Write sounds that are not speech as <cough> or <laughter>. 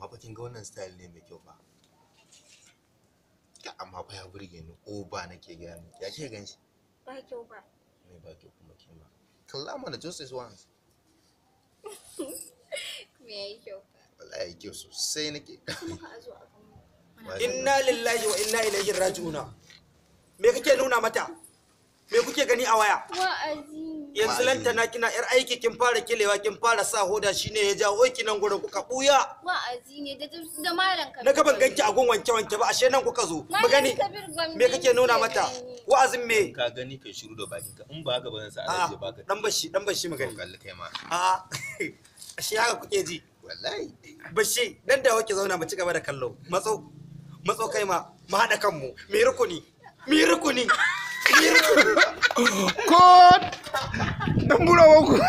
amma ba kin ga wannan style ne mai kyau ba ka amma fa ya burge ni ba nake ga ni ya ke ganshi ba kyau ba mai ba kyau kuma ke ma kalla mana just as once <laughs> me yayi kyau fa wallahi yayi kyau sosai nake inna lillahi wa inna ilaihi raji'una me kake nuna mata me kuke gani a waya wa'azi yanzu lantana kina yar aiki kin fara kilewa kin fara sa hoda shine ya jawo ki nan gurin kuka buya wa'azi ne da da malam ka na gaban ganki a gun wanke wanke ba ashe nan kuka zo mu gani me kake nuna mata wa'azin me ka gani kai shiru da bakin ka in ba haka ba zan sa alaji ah, ka dan bashi dan bashi mu gani kalli kai ma a ah, <laughs> ashe haka kuke ji wallahi bashi dan da wake zauna mu ci gaba da kallo matso matso kai ma mu hada kanmu me rukuni me rukuni me rukuni <laughs> no!